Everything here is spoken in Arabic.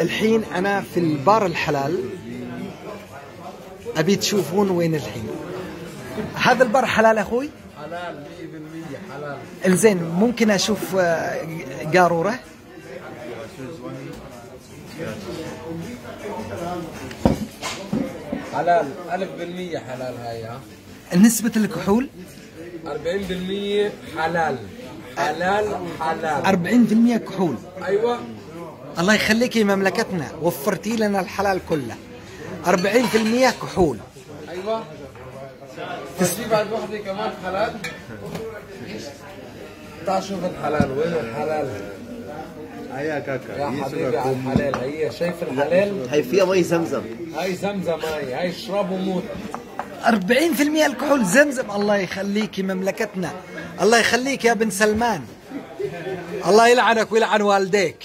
الحين انا في البار الحلال ابي تشوفون وين الحين هذا البار حلال اخوي حلال 100% حلال انزين ممكن اشوف آه، قاروره حلال 1000% حلال هاي ها نسبة الكحول 40% حلال حلال حلال 40% كحول ايوه الله يخليكي مملكتنا وفرتي لنا الحلال كله 40% كحول ايوه تجيب بعد وحده كمان حلال تعال شوف الحلال وين الحلال هيا كاكا يا حبيبي على الحلال هي شايف الحلال هي فيها مي زمزم هاي زمزم هاي هاي اشرب وموت 40% الكحول زمزم الله يخليكي مملكتنا الله يخليك يا بن سلمان الله يلعنك ويلعن والديك